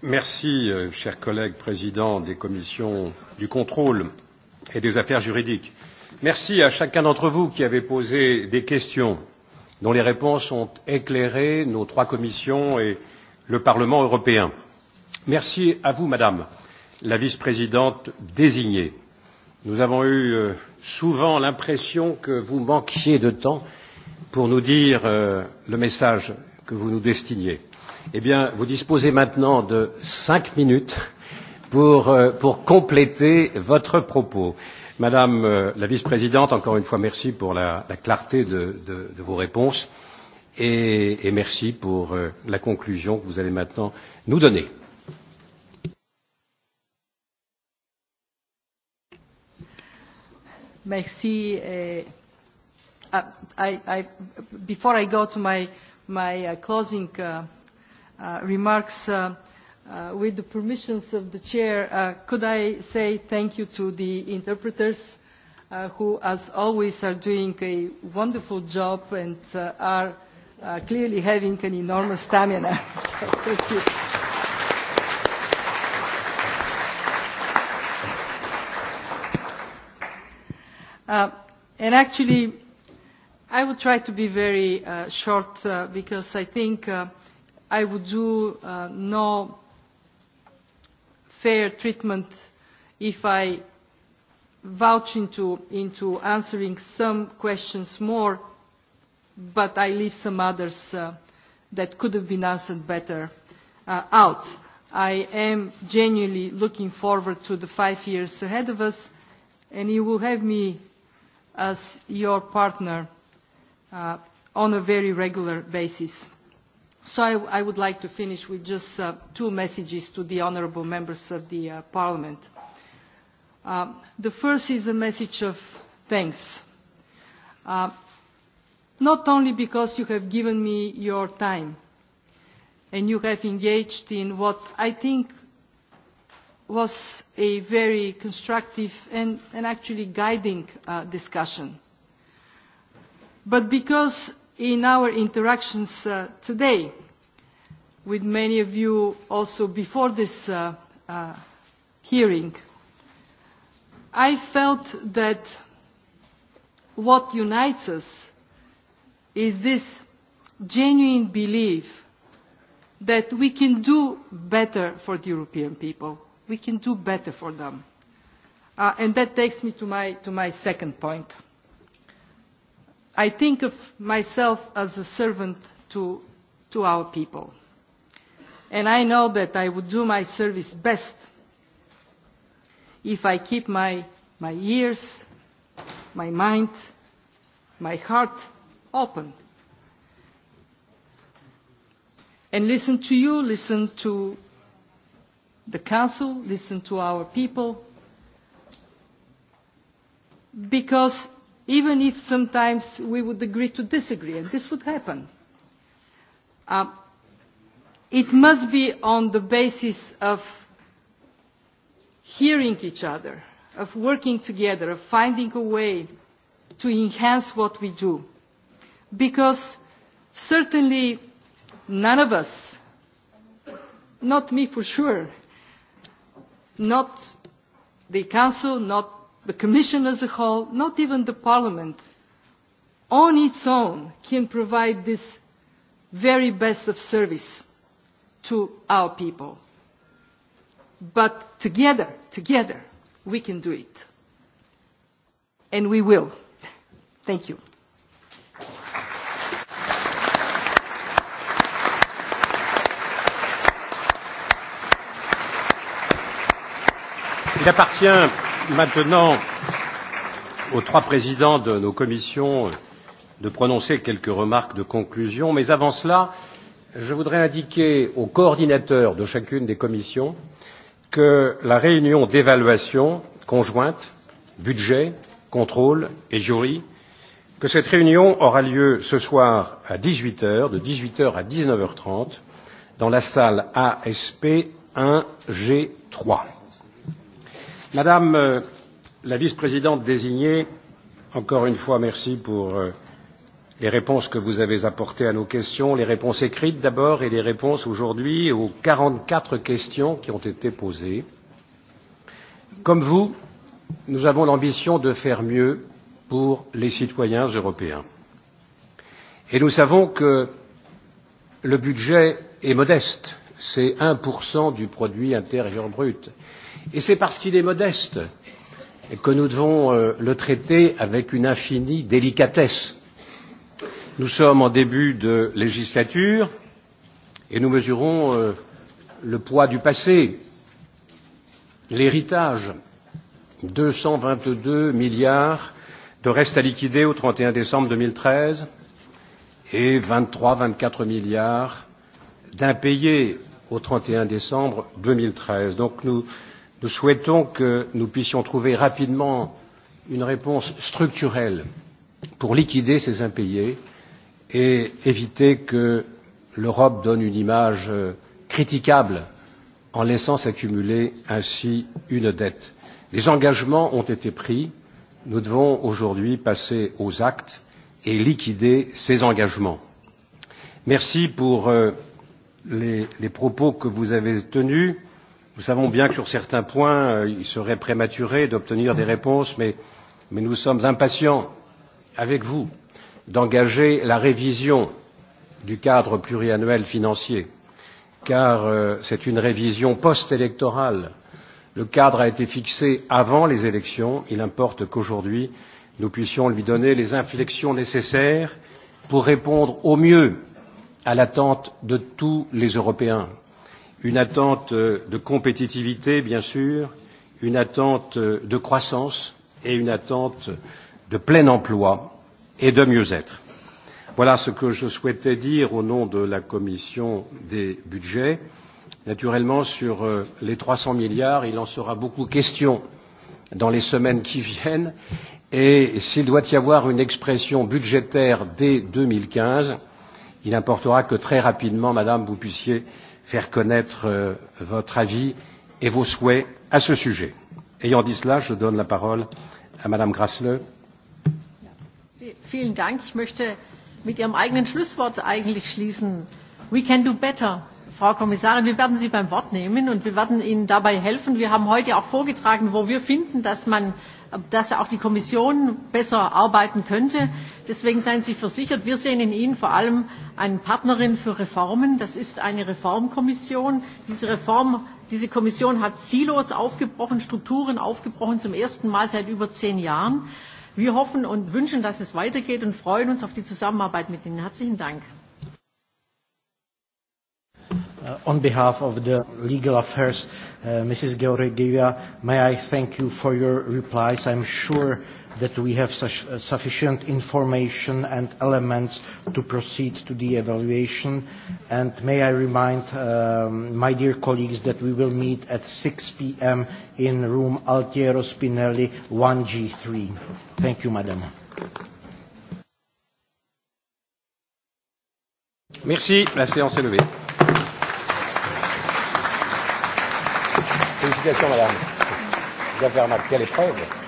Merci, euh, chers collègues présidents des commissions du contrôle et des affaires juridiques. Merci à chacun d'entre vous qui avez posé des questions dont les réponses ont éclairé nos trois commissions et le Parlement européen. Merci à vous, Madame la vice-présidente désignée. Nous avons eu euh, souvent l'impression que vous manquiez de temps pour nous dire euh, le message que vous nous destiniez. Eh bien, vous disposez maintenant de cinq minutes pour, euh, pour compléter votre propos. Madame euh, la vice-présidente, encore une fois, merci pour la, la clarté de, de, de vos réponses et, et merci pour euh, la conclusion que vous allez maintenant nous donner. Merci. Uh, I, I, before I go to my, my uh, closing uh, Uh, remarks. Uh, uh, with the permissions of the chair, uh, could I say thank you to the interpreters uh, who, as always, are doing a wonderful job and uh, are uh, clearly having an enormous stamina. thank you. Uh, and actually, I will try to be very uh, short uh, because I think uh, I would do uh, no fair treatment if I vouch into, into answering some questions more, but I leave some others uh, that could have been answered better uh, out. I am genuinely looking forward to the five years ahead of us, and you will have me as your partner uh, on a very regular basis. So I, I would like to finish with just uh, two messages to the honourable members of the uh, Parliament. Uh, the first is a message of thanks. Uh, not only because you have given me your time and you have engaged in what I think was a very constructive and, and actually guiding uh, discussion. But because in our interactions uh, today, with many of you also before this uh, uh, hearing. I felt that what unites us is this genuine belief that we can do better for the European people. We can do better for them. Uh, and that takes me to my, to my second point. I think of myself as a servant to, to our people and I know that I would do my service best if I keep my, my ears, my mind, my heart open and listen to you, listen to the Council, listen to our people, because even if sometimes we would agree to disagree, and this would happen, uh, it must be on the basis of hearing each other, of working together, of finding a way to enhance what we do. Because certainly none of us, not me for sure, not the Council, not the Commission as a whole, not even the Parliament, on its own can provide this very best of service to our people. But together, together, we can do it. And we will. Thank you. Il appartient maintenant aux trois présidents de nos commissions de prononcer quelques remarques de conclusion, mais avant cela, je voudrais indiquer aux coordinateurs de chacune des commissions que la réunion d'évaluation conjointe budget, contrôle et jury, que cette réunion aura lieu ce soir à 18h, de 18h à 19h30, dans la salle ASP 1G3. Madame euh, la vice-présidente désignée, encore une fois merci pour euh, les réponses que vous avez apportées à nos questions, les réponses écrites d'abord et les réponses aujourd'hui aux 44 questions qui ont été posées. Comme vous, nous avons l'ambition de faire mieux pour les citoyens européens. Et nous savons que le budget est modeste, c'est 1% du produit intérieur brut. Et c'est parce qu'il est modeste que nous devons euh, le traiter avec une infinie délicatesse Nous sommes en début de législature et nous mesurons euh, le poids du passé, l'héritage, 222 milliards de restes à liquider au 31 décembre 2013 et 23-24 milliards d'impayés au 31 décembre 2013. Donc nous, nous souhaitons que nous puissions trouver rapidement une réponse structurelle pour liquider ces impayés et éviter que l'Europe donne une image euh, critiquable en laissant s'accumuler ainsi une dette. Les engagements ont été pris, nous devons aujourd'hui passer aux actes et liquider ces engagements. Merci pour euh, les, les propos que vous avez tenus. Nous savons bien que sur certains points, euh, il serait prématuré d'obtenir des réponses, mais, mais nous sommes impatients avec vous d'engager la révision du cadre pluriannuel financier, car euh, c'est une révision post-électorale. Le cadre a été fixé avant les élections. Il importe qu'aujourd'hui, nous puissions lui donner les inflexions nécessaires pour répondre au mieux à l'attente de tous les Européens. Une attente euh, de compétitivité, bien sûr, une attente euh, de croissance et une attente de plein emploi et de mieux-être. Voilà ce que je souhaitais dire au nom de la Commission des budgets. Naturellement, sur euh, les 300 milliards, il en sera beaucoup question dans les semaines qui viennent et s'il doit y avoir une expression budgétaire dès 2015, il importera que très rapidement, Madame, vous puissiez faire connaître euh, votre avis et vos souhaits à ce sujet. Ayant dit cela, je donne la parole à Madame Grasle Vielen Dank. Ich möchte mit Ihrem eigenen Schlusswort eigentlich schließen. We can do better. Frau Kommissarin, wir werden Sie beim Wort nehmen und wir werden Ihnen dabei helfen. Wir haben heute auch vorgetragen, wo wir finden, dass man dass auch die Kommission besser arbeiten könnte. Deswegen seien Sie versichert, wir sehen in Ihnen vor allem eine Partnerin für Reformen. Das ist eine Reformkommission. Diese, Reform, diese Kommission hat Silos aufgebrochen, Strukturen aufgebrochen, zum ersten Mal seit über zehn Jahren. Wir hoffen und wünschen, dass es weitergeht und freuen uns auf die Zusammenarbeit mit Ihnen. Herzlichen Dank. Uh, on behalf of the Legal Affairs, uh, Mrs. Georgieva, may I thank you for your replies. I'm sure that we have such, uh, sufficient information and elements to proceed to the evaluation. And may I remind um, my dear colleagues that we will meet at 6 p.m. in room Altiero Spinelli 1G3. Thank you, madam. Merci, la séance est levée. Félicitations, madame. Vous avez remarqué l'épreuve.